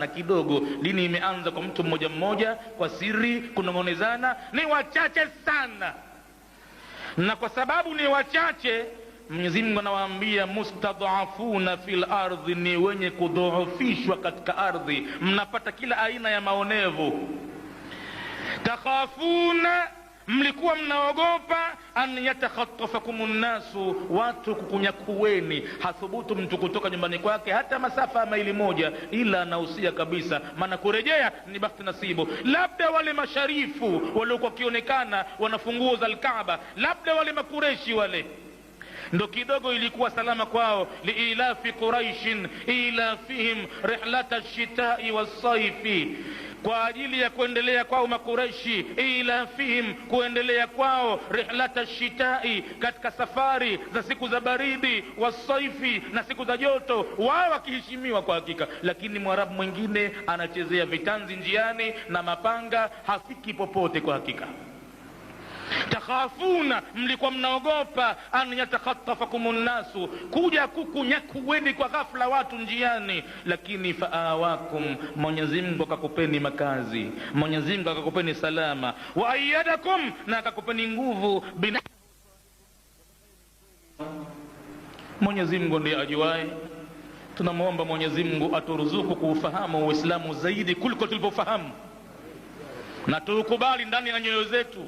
na kidogo dini imeanza kwa mtu mmoja mmoja, kwa siri, kunong'onezana. Ni wachache sana, na kwa sababu ni wachache, Mwenyezi Mungu anawaambia mustadhafuna fil ardhi, ni wenye kudhoofishwa katika ardhi, mnapata kila aina ya maonevu. takhafuna mlikuwa mnaogopa an yatakhatafakum nnasu, watu kukunyakuweni. Hathubutu mtu kutoka nyumbani kwake hata masafa ya maili moja, ila anahusia kabisa, maana kurejea ni bahati nasibu. Labda wale masharifu waliokuwa wakionekana wanafunguo za Alkaaba, labda wale makureshi wale ndo kidogo ilikuwa salama kwao. liilafi quraishin ilafihim rihlata lshitai wassaifi kwa ajili ya kuendelea kwao Makureishi, ilafihim, kuendelea kwao rihlata shitai, katika safari za siku za baridi, wasaifi na siku za joto, wao wakiheshimiwa kwa hakika. Lakini mwarabu mwingine anachezea vitanzi njiani na mapanga, hafiki popote kwa hakika takhafuna, mlikuwa mnaogopa an yatakhatafakum nnasu, kuja kukunyakuweni kwa ghafla watu njiani. Lakini faawakum, Mwenyezi Mungu akakupeni makazi, Mwenyezi Mungu akakupeni salama, wa ayyadakum, na akakupeni nguvu bina Mwenyezi Mungu ndiye ajuaye. Tunamwomba Mwenyezi Mungu aturuzuku kuufahamu Uislamu zaidi kuliko tulivyofahamu, na tuukubali ndani ya nyoyo zetu.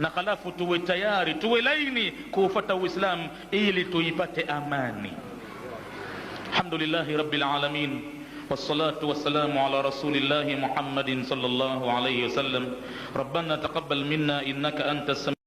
na halafu tuwe tayari tuwe laini kuufata uislamu ili tuipate amani alhamdulillahi rabbil alamin والصلاة والسلام على رسول الله محمد صلى الله عليه وسلم ربنا تقبل منا إنك أنت السميع